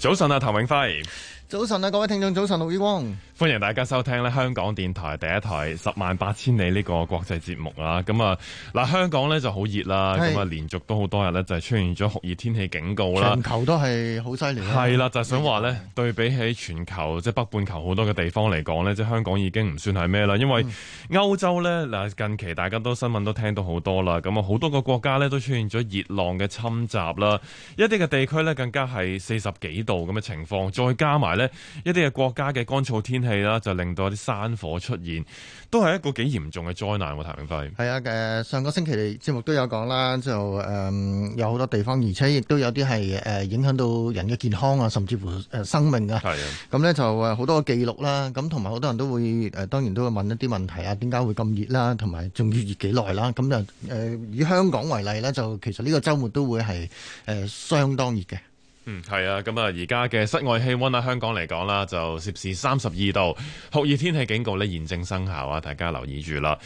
早晨啊，譚永輝。早晨啊，各位聽眾，早晨，陸宇光，歡迎大家收聽咧香港電台第一台《十萬八千里》呢個國際節目啦，咁啊，嗱，香港咧就好熱啦，咁啊是，連續都好多日咧就係出現咗酷熱天氣警告啦。全球都係好犀利，係啦，就係、是、想話咧，對比起全球即係的北半球好多嘅地方嚟講咧，即係香港已經唔算係咩啦。因為歐洲咧嗱，近期大家都新聞都聽到好多啦，咁啊，好多個國家咧都出現咗熱浪嘅侵襲啦，一啲嘅地區咧更加係四十幾度咁嘅情況，再加埋。咧一啲嘅國家嘅乾燥天氣啦，就令到有啲山火出現，都係一個幾嚴重嘅災難喎。譚永輝，係啊，誒上個星期嘅節目都有講啦，就誒有好多地方，而且亦都有啲係誒影響到人嘅健康啊，甚至乎誒生命啊。係啊，咁咧就誒好多記錄啦，咁同埋好多人都會誒當然都會問一啲問題啊，點解會咁熱啦？同埋仲要熱幾耐啦？咁就誒以香港為例咧，就其實呢個週末都會係誒相當熱嘅。嗯，係啊，咁啊，而家嘅室外氣溫啊，香港嚟講啦，就攝氏三十二度，酷熱天氣警告呢，現正生效啊，大家留意住啦。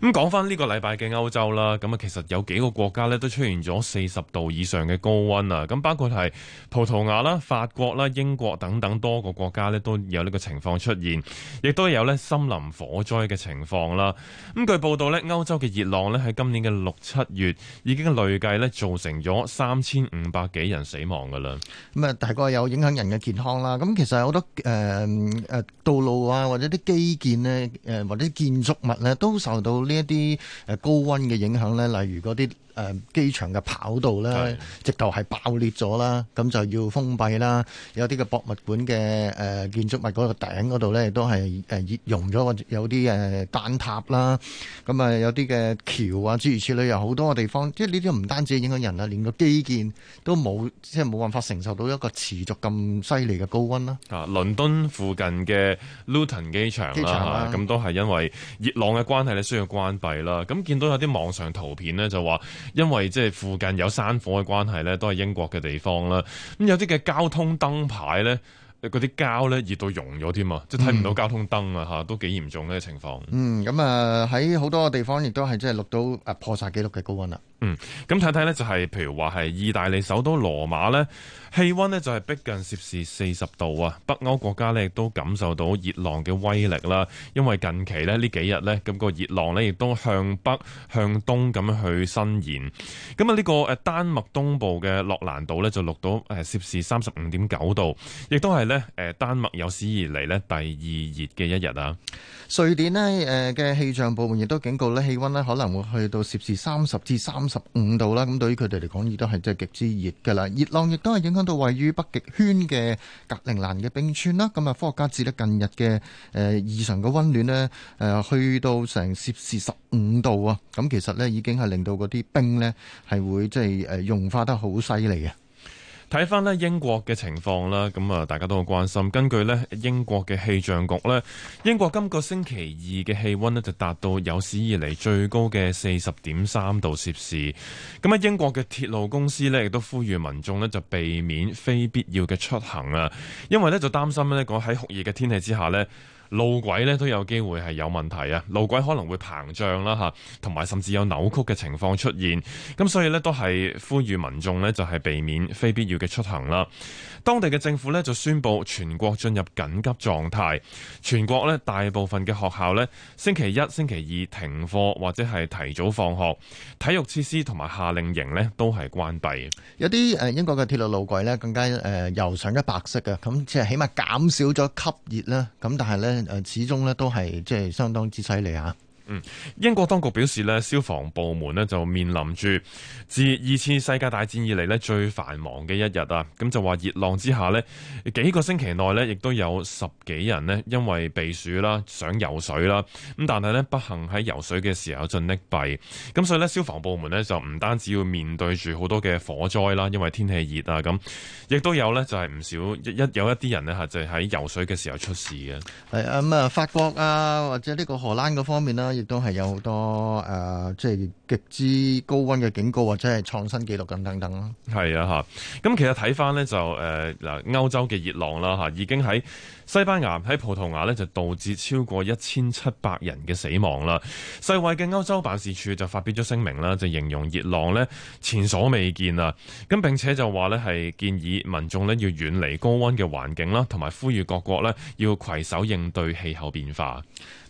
咁講翻呢個禮拜嘅歐洲啦，咁啊，其實有幾個國家呢都出現咗四十度以上嘅高溫啊，咁包括係葡萄牙啦、法國啦、英國等等多個國家呢都有呢個情況出現，亦都有呢森林火災嘅情況啦。咁據報道呢，歐洲嘅熱浪呢喺今年嘅六七月已經累計呢造成咗三千五百幾人死亡噶啦。咁啊，大概有影響人嘅健康啦。咁其實好多誒誒道路啊，或者啲基建呢，誒或者建築物咧，都受到呢一啲誒高溫嘅影響咧。例如嗰啲。誒、呃、機場嘅跑道咧，直頭係爆裂咗啦，咁就要封閉啦。有啲嘅博物館嘅、呃、建築物嗰個頂嗰度咧，都係誒熱融咗，有啲誒蛋塔啦。咁啊，有啲嘅橋啊，諸如此類，有好多嘅地方，即係呢啲唔單止影響人啦，連個基建都冇，即係冇辦法承受到一個持續咁犀利嘅高溫啦。啊，倫敦附近嘅 Luton 機場啦，咁、啊啊、都係因為熱浪嘅關係咧，需要關閉啦。咁見到有啲網上圖片呢，就話。因為即係附近有山火嘅關係咧，都係英國嘅地方啦。咁有啲嘅交通燈牌咧，嗰啲膠咧熱到溶咗添啊，即係睇唔到交通燈啊，吓都幾嚴重呢個情況。嗯，咁啊喺好多地方亦都係即係錄到破晒紀錄嘅高溫啦。嗯，咁睇睇呢，就係譬如話係意大利首都羅馬呢，氣溫呢就係逼近攝氏四十度啊！北歐國家呢亦都感受到熱浪嘅威力啦，因為近期呢，呢幾日呢，咁個熱浪呢亦都向北向東咁樣去伸延。咁啊，呢個誒丹麥東部嘅洛蘭島呢，就錄到誒攝氏三十五點九度，亦都係呢誒丹麥有史以嚟呢第二熱嘅一日啊！瑞典呢誒嘅氣象部門亦都警告呢，氣溫呢可能會去到攝氏三十至三十五度啦，咁對於佢哋嚟講亦都係真係極之熱嘅啦。熱浪亦都係影響到位於北極圈嘅格陵蘭嘅冰川啦。咁啊，科學家指得近日嘅誒異常嘅溫暖呢，誒去到成攝氏十五度啊，咁其實呢，已經係令到嗰啲冰呢係會即係誒融化得好犀利嘅。睇翻呢英國嘅情況啦，咁啊大家都好關心。根據呢英國嘅氣象局呢，英國今個星期二嘅氣温呢就達到有史以嚟最高嘅四十點三度攝氏。咁啊英國嘅鐵路公司呢亦都呼籲民眾呢就避免非必要嘅出行啊，因為呢就擔心呢喺酷熱嘅天氣之下呢路軌咧都有機會係有問題啊，路軌可能會膨脹啦，同埋甚至有扭曲嘅情況出現。咁所以呢都係呼籲民眾呢就係避免非必要嘅出行啦。當地嘅政府呢就宣布全國進入緊急狀態，全國呢大部分嘅學校呢星期一、星期二停課或者係提早放學，體育設施同埋夏令營呢都係關閉。有啲英國嘅鐵路路軌更加誒油上咗白色嘅，咁即係起碼減少咗吸熱啦。咁但係呢。誒，始終咧都係即係相當之犀利啊！嗯，英國當局表示咧，消防部門咧就面臨住自二次世界大戰以嚟咧最繁忙嘅一日啊！咁就話熱浪之下咧，幾個星期內咧亦都有十幾人咧因為避暑啦，想游水啦，咁但係咧不幸喺游水嘅時候進溺斃，咁所以咧消防部門咧就唔單止要面對住好多嘅火災啦，因為天氣熱啊，咁亦都有咧就係唔少一有一啲人咧嚇就喺游水嘅時候出事嘅。係啊，咁、嗯、啊法國啊或者呢個荷蘭嗰方面啦、啊。亦都係有好多誒、呃，即係極之高溫嘅警告或者係創新紀錄咁等等咯。係啊，嚇！咁其實睇翻呢，就誒嗱、呃，歐洲嘅熱浪啦嚇，已經喺西班牙、喺葡萄牙呢，就導致超過一千七百人嘅死亡啦。世衞嘅歐洲辦事處就發表咗聲明啦，就形容熱浪呢前所未見啊！咁並且就話呢係建議民眾呢要遠離高溫嘅環境啦，同埋呼籲各國呢要攜手應對氣候變化。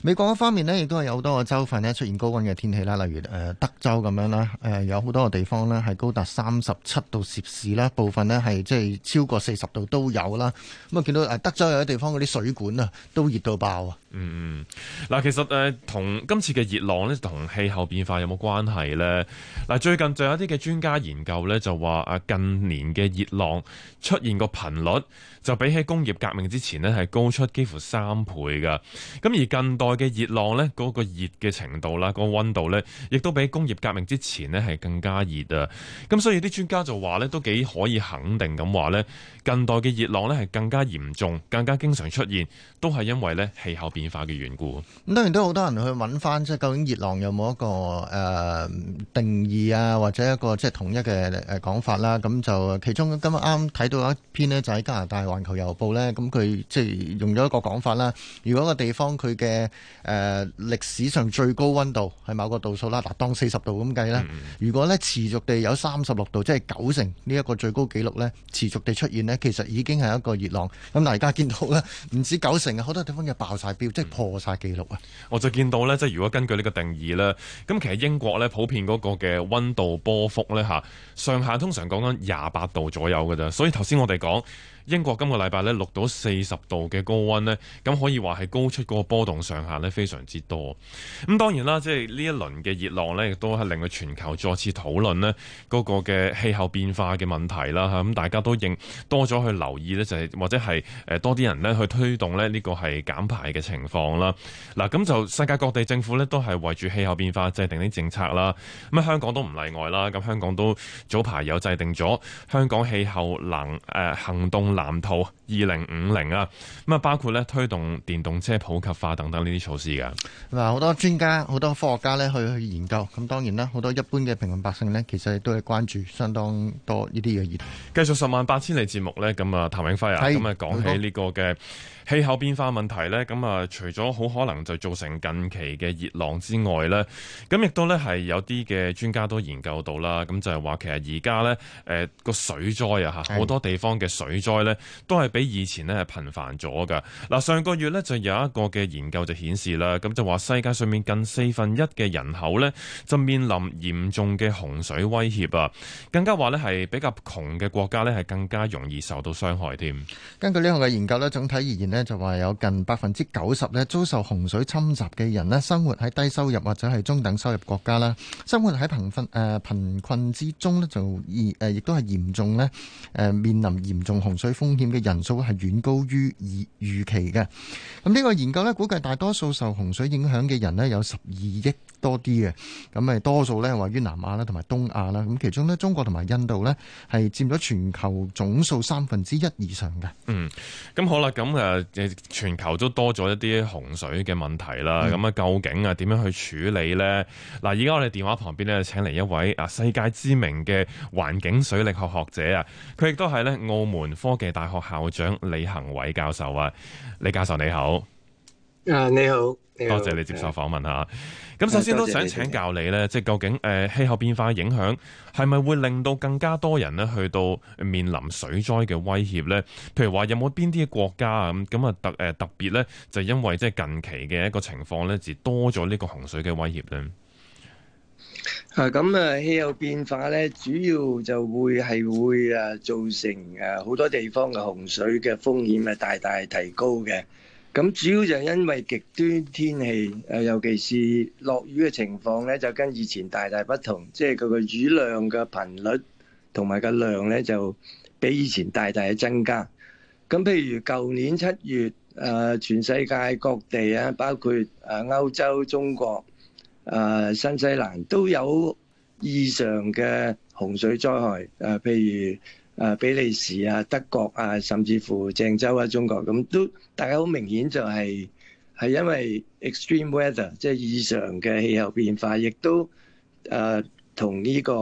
美國方面呢，亦都係有好多個州份呢出現高溫嘅天氣啦，例如誒德州咁樣啦，誒有好多個地方呢係高達三十七度攝氏啦，部分呢係即係超過四十度都有啦。咁啊，見到誒德州有啲地方嗰啲水管啊都熱到爆啊！嗯嗯，嗱，其實誒，同今次嘅熱浪咧，同氣候變化有冇關係呢？嗱，最近就有啲嘅專家研究呢，就話啊，近年嘅熱浪出現個頻率，就比起工業革命之前呢係高出幾乎三倍噶。咁而近代嘅熱浪呢，嗰個熱嘅程度啦，個溫度呢，亦都比工業革命之前呢係更加熱啊。咁所以啲專家就話呢，都幾可以肯定咁話呢，近代嘅熱浪呢係更加嚴重、更加經常出現，都係因為呢氣候變化變化嘅緣故，咁當然都好多人去揾返，即係究竟熱浪有冇一個誒定義啊，或者一個即係統一嘅誒講法啦？咁就其中今日啱啱睇到一篇咧，就喺加拿大環球郵報咧，咁佢即係用咗一個講法啦。如果個地方佢嘅誒歷史上最高溫度係某個度數啦，嗱當四十度咁計咧，如果咧持續地有三十六度，即係九成呢一個最高紀錄咧持續地出現咧，其實已經係一個熱浪。咁大家見到咧，唔止九成啊，好多地方嘅爆晒標。即係破晒記錄啊！我就見到咧，即係如果根據呢個定義咧，咁其實英國咧普遍嗰個嘅溫度波幅咧，吓上下通常講緊廿八度左右嘅啫。所以頭先我哋講英國今個禮拜咧錄到四十度嘅高溫咧，咁可以話係高出個波動上限咧非常之多。咁當然啦，即係呢一輪嘅熱浪咧，亦都係令到全球再次討論咧嗰個嘅氣候變化嘅問題啦。吓，咁大家都應多咗去留意咧，就係或者係誒多啲人咧去推動咧呢個係減排嘅情情況啦，嗱咁就世界各地政府呢都係為住氣候變化制定啲政策啦，咁啊香港都唔例外啦，咁香港都早排有制定咗香港氣候藍誒、呃、行動藍圖二零五零啊，咁啊包括呢推動電動車普及化等等呢啲措施噶，嗱好多專家、好多科學家呢去去研究，咁當然啦，好多一般嘅平民百姓呢其實都係關注相當多呢啲嘅議題。繼續十萬八千里節目呢。咁啊譚永輝啊，咁啊講起呢個嘅。Okay. 氣候變化問題呢，咁啊，除咗好可能就造成近期嘅熱浪之外呢，咁亦都呢係有啲嘅專家都研究到啦。咁就係話其實而家呢誒個水災啊嚇，好多地方嘅水災呢都係比以前呢係頻繁咗㗎。嗱，上個月呢就有一個嘅研究就顯示啦，咁就話世界上面近四分一嘅人口呢，就面臨嚴重嘅洪水威脅啊，更加話呢係比較窮嘅國家呢，係更加容易受到傷害添。根據呢項嘅研究呢，總體而言，咧就話有近百分之九十咧，遭受洪水侵襲嘅人咧，生活喺低收入或者係中等收入國家啦，生活喺貧困誒貧困之中咧，就嚴誒亦都係嚴重咧誒面臨嚴重洪水風險嘅人數係遠高於預期嘅。咁呢個研究咧，估計大多數受洪水影響嘅人咧，有十二億多啲嘅。咁係多數咧位於南亞啦同埋東亞啦，咁其中咧，中國同埋印度咧係佔咗全球總數三分之一以上嘅。嗯，咁好啦，咁誒。全球都多咗一啲洪水嘅問題啦，咁啊、嗯、究竟啊點樣去處理呢？嗱，而家我哋電話旁邊呢，請嚟一位啊世界知名嘅環境水力學學者啊，佢亦都係呢澳門科技大學校長李行偉教授啊，李教授你好。啊，你好，你好，你好多謝你接受訪問吓。咁首先都想請教你咧，即係究竟誒氣候變化影響係咪會令到更加多人咧去到面臨水災嘅威脅咧？譬如話有冇邊啲嘅國家啊，咁啊特誒特別咧就因為即係近期嘅一個情況咧，而多咗呢個洪水嘅威脅咧。啊，咁啊氣候變化咧，主要就會係會啊造成誒好多地方嘅洪水嘅風險係大大提高嘅。咁主要就因為極端天氣，誒尤其是落雨嘅情況咧，就跟以前大大不同，即係佢個雨量嘅頻率同埋個量咧，就比以前大大嘅增加。咁譬如舊年七月，誒全世界各地啊，包括誒歐洲、中國、誒新西蘭都有異常嘅洪水災害，誒譬如，誒比利時啊、德國啊，甚至乎鄭州啊、中國咁都，大家好明顯就係、是、係因為 extreme weather，即係異常嘅氣候變化，亦都誒同呢個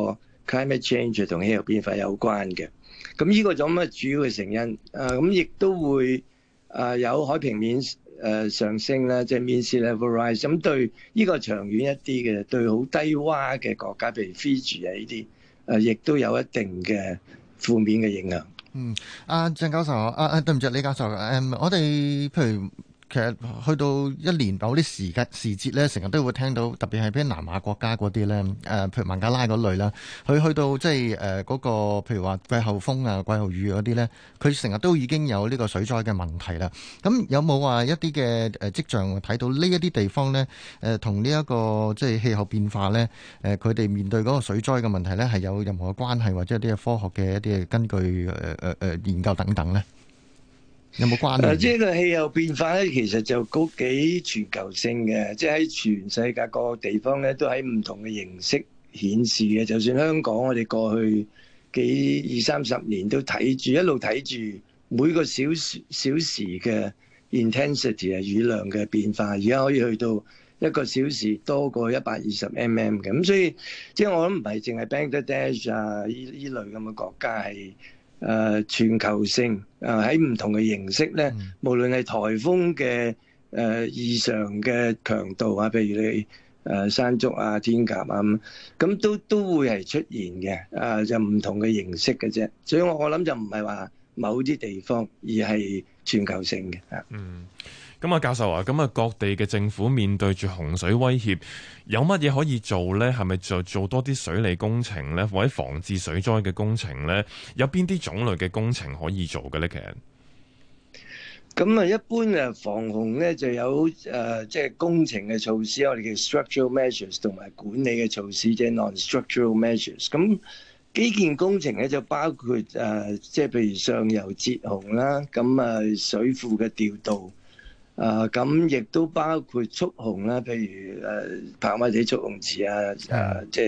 climate change 同氣候變化有關嘅。咁呢個就嘅主要嘅成因。誒咁亦都會誒、呃、有海平面誒上升啦，即係 mean sea level rise。咁對呢個長遠一啲嘅，對好低窪嘅國家，譬如 Fiji 啊呢啲，誒、呃、亦都有一定嘅。負面嘅影響。嗯，啊，鄭教授，啊啊，對唔住，啊李教授，誒、嗯，我哋譬如。其實去到一年某啲時刻時節咧，成日都會聽到，特別係啲南亞國家嗰啲咧，誒、呃、譬如孟加拉嗰類啦，佢去，去到即係誒嗰個譬如話季候風啊、季候雨嗰啲咧，佢成日都已經有呢個水災嘅問題啦。咁有冇話一啲嘅誒跡象睇到呢一啲地方咧？誒同呢一個即係氣候變化咧？誒佢哋面對嗰個水災嘅問題咧，係有任何嘅關係或者啲科學嘅一啲根據誒誒誒研究等等咧？有冇關聯？即係個氣候變化咧，其實就高幾全球性嘅，即係喺全世界各個地方咧，都喺唔同嘅形式顯示嘅。就算香港，我哋過去幾二三十年都睇住，一路睇住每個小時小時嘅 intensity 啊、雨量嘅變化，而家可以去到一個小時多過一百二十 mm 嘅。咁所以即係我諗唔係淨係 Bangladesh 啊呢類咁嘅國家係誒、呃、全球性。誒喺唔同嘅形式咧，無論係颱風嘅誒異常嘅強度啊，譬如你誒山竹啊、天鴿啊咁，咁都都會係出現嘅，誒就唔同嘅形式嘅啫。所以我我諗就唔係話某啲地方，而係全球性嘅嚇。嗯。咁啊，教授啊，咁啊，各地嘅政府面對住洪水威脅，有乜嘢可以做咧？係咪就做多啲水利工程咧，或者防治水災嘅工程咧？有邊啲種類嘅工程可以做嘅咧？其實咁啊，一般誒防洪咧就有誒，即、呃、係、就是、工程嘅措施，我哋叫 structural measures，同埋管理嘅措施，即、就、係、是、non-structural measures。咁基建工程咧就包括誒，即、呃、係譬如上游截洪啦，咁啊水庫嘅調度。啊，咁亦都包括蓄洪啦，譬如誒跑馬地蓄洪池啊，誒即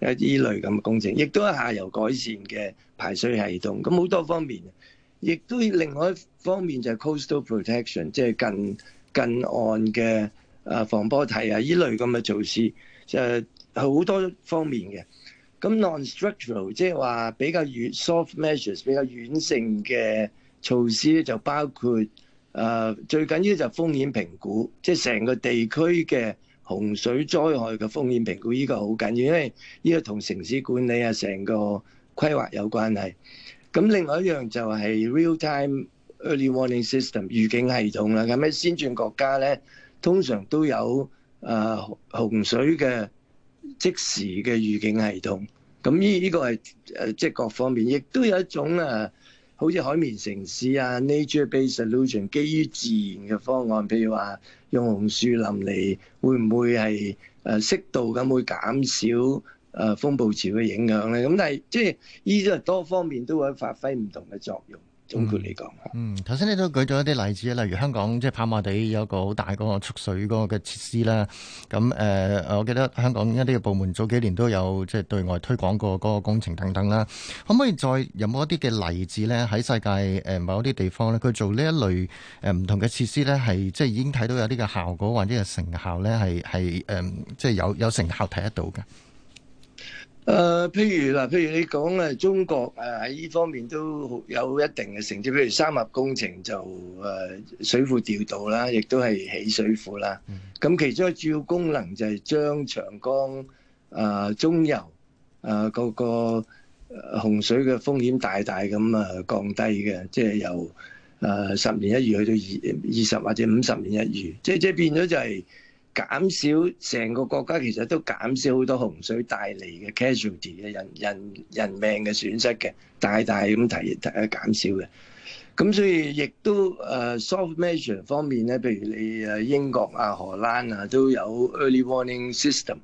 係依類咁嘅工程，亦都係下游改善嘅排水系統，咁好多方面，亦都另外一方面就係 coastal protection，即係近近岸嘅啊防波堤啊依類咁嘅措施，就係、是、好多方面嘅。咁 non-structural，即係話比較軟 soft measures，比較軟性嘅措施咧，就包括。誒最緊要就係風險評估，即係成個地區嘅洪水災害嘅風險評估呢個好緊要，因為呢個同城市管理啊、成個規劃有關係。咁另外一樣就係 real time early warning system 預警系統啦。咁喺先進國家咧，通常都有誒洪水嘅即時嘅預警系統。咁呢呢個係誒即係各方面，亦都有一種誒。好似海綿城市啊，nature-based solution 基於自然嘅方案，譬如話用紅樹林嚟，會唔會係誒適度咁會減少誒風暴潮嘅影響咧？咁但係即係依啲係多方面都會發揮唔同嘅作用。總括嚟講，嗯，嗯，頭先你都舉咗一啲例子，例如香港即係跑馬地有一個好大個蓄水嗰個嘅設施啦。咁誒，呃，我記得香港一啲嘅部門早幾年都有即係、即係、對外推廣過嗰個工程等等啦。可唔可以再有冇一啲嘅例子咧？喺世界誒某一啲地方咧，佢做呢一類誒唔同嘅設施咧，係即係已經睇到有啲嘅效果或者係成效咧，係係誒，即係、嗯即係、有有成效睇得到嘅。誒、呃，譬如嗱，譬如你講中國誒喺呢方面都有一定嘅成績，譬如三峽工程就、呃、水庫調度啦，亦都係起水庫啦。咁、嗯、其中一個主要功能就係將長江、呃、中游誒嗰個洪水嘅風險大大咁降低嘅，即、就、係、是、由十、呃、年一遇去到二二十或者五十年一遇，即係即係變咗就係、是。減少成個國家其實都減少好多洪水帶嚟嘅 casualty 嘅人、人、人命嘅損失嘅，大大咁提提一減少嘅。咁所以亦都誒 soft measure 方面咧，譬如你誒英國啊、荷蘭啊都有 early warning system，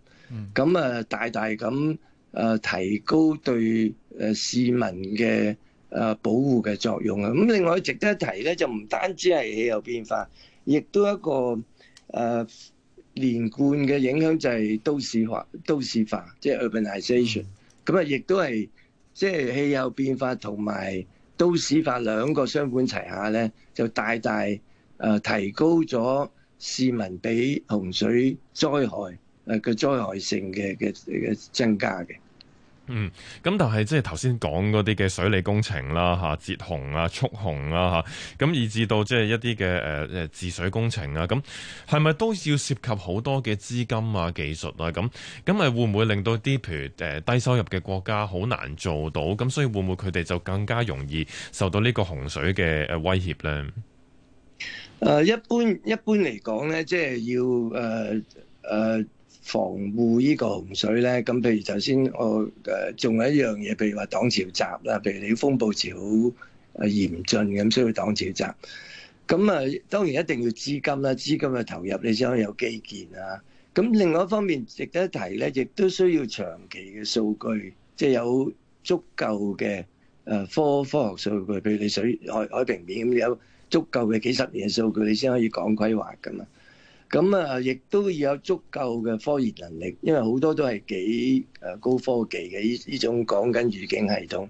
咁誒大大咁誒提高對誒市民嘅誒保護嘅作用啊。咁另外值得一提咧，就唔單止係氣候變化，亦都一個誒。連貫嘅影響就係都市化、都市化，即、就、係、是、urbanization 咁啊、嗯，亦都係即係氣候變化同埋都市化兩個雙管齊下咧，就大大提高咗市民俾洪水災害誒個災害性嘅嘅嘅增加嘅。嗯，咁但係即係頭先講嗰啲嘅水利工程啦，吓截洪啊、蓄洪啊，吓咁以至到即係一啲嘅誒誒治水工程啊，咁係咪都要涉及好多嘅資金啊、技術啊咁？咁係會唔會令到啲譬如誒低收入嘅國家好難做到？咁所以會唔會佢哋就更加容易受到呢個洪水嘅誒威脅咧？誒，一般一般嚟講咧，即係要誒誒。呃呃防護呢個洪水咧，咁譬如頭先我誒仲有一樣嘢，譬如話擋潮閘啦，譬如你風暴潮誒嚴峻咁，需要擋潮閘。咁啊，當然一定要資金啦，資金嘅投入你先可以有基建啊。咁另外一方面值得一提咧，亦都需要長期嘅數據，即係有足夠嘅誒科科學數據，譬如你水海海平面咁有足夠嘅幾十年嘅數據，你先可以講規劃噶嘛。咁啊，亦都要有足夠嘅科研能力，因為好多都係幾誒高科技嘅呢呢種講緊預警系統。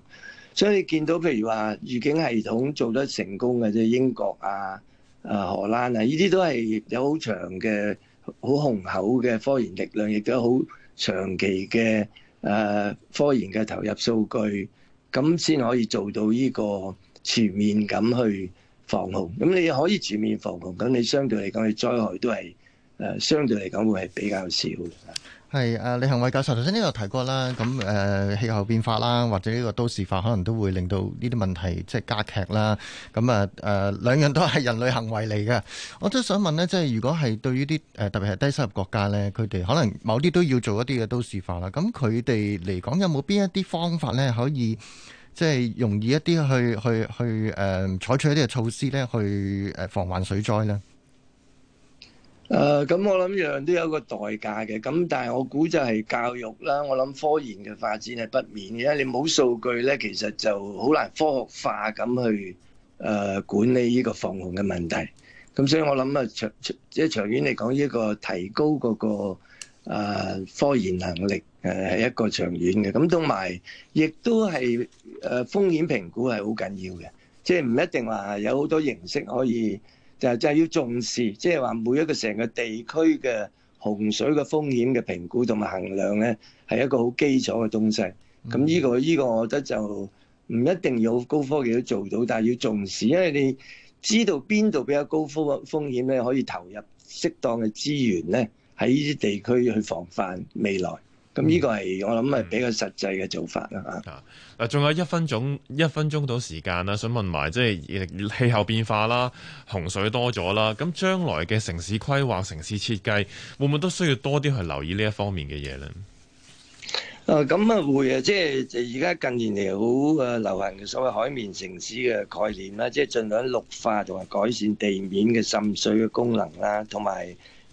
所以你見到譬如話預警系統做得成功嘅即係，英國啊、啊荷蘭啊，呢啲都係有好長嘅、好雄厚嘅科研力量，亦都好長期嘅誒科研嘅投入數據，咁先可以做到呢個全面咁去。防洪咁你可以全面防洪，咁你相對嚟講，你災害都係誒相對嚟講會係比較少嘅。係啊，李行偉教授頭先呢度提過啦，咁誒氣候變化啦，或者呢個都市化可能都會令到呢啲問題即係加劇啦。咁啊誒兩樣都係人類行為嚟嘅。我都想問咧，即係如果係對於啲誒特別係低收入國家咧，佢哋可能某啲都要做一啲嘅都市化啦。咁佢哋嚟講有冇邊一啲方法咧可以？即係容易一啲去去去誒，採取一啲嘅措施咧，去誒防患水災咧。誒、呃，咁我諗樣樣都有個代價嘅。咁但係我估就係教育啦。我諗科研嘅發展係不免嘅。你冇數據咧，其實就好難科學化咁去誒、呃、管理呢個防洪嘅問題。咁所以我諗啊長即係長遠嚟講，呢個提高嗰、那個。啊，科研能力誒係一個長遠嘅，咁同埋亦都係誒、啊、風險評估係好緊要嘅，即係唔一定話有好多形式可以，就係就係要重視，即係話每一個成個地區嘅洪水嘅風險嘅評估同埋衡量咧，係一個好基礎嘅東西。咁呢個呢個，呢個、我覺得就唔一定要高科技都做到，但係要重視，因為你知道邊度比較高風風險咧，可以投入適當嘅資源咧。喺呢啲地區去防範未來，咁呢個係、嗯、我諗係比較實際嘅做法啦嚇。嗱、嗯，仲、嗯、有一分鐘一分鐘到時間啦，想問埋即係氣候變化啦、洪水多咗啦，咁將來嘅城市規劃、城市設計會唔會都需要多啲去留意呢一方面嘅嘢咧？啊、嗯，咁啊會啊，即係而家近年嚟好誒流行嘅所謂海綿城市嘅概念啦，即係儘量綠化同埋改善地面嘅滲水嘅功能啦，同埋、嗯。嗯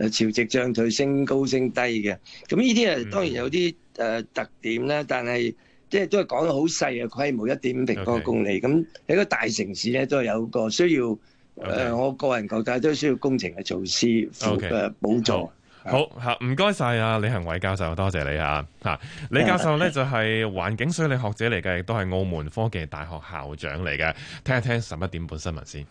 誒，潮汐漲退，升高升低嘅，咁呢啲誒，當然有啲誒特點啦，但係即係都係講得好細嘅規模，一點五平方公里，咁喺個大城市咧，都係有個需要誒，我個人覺得都需要工程嘅措施誒補助。好嚇，唔該曬啊，李行偉教授，多謝你嚇嚇，李教授咧就係環境水利學者嚟嘅，亦都係澳門科技大學校長嚟嘅，聽一聽十一點半新聞先。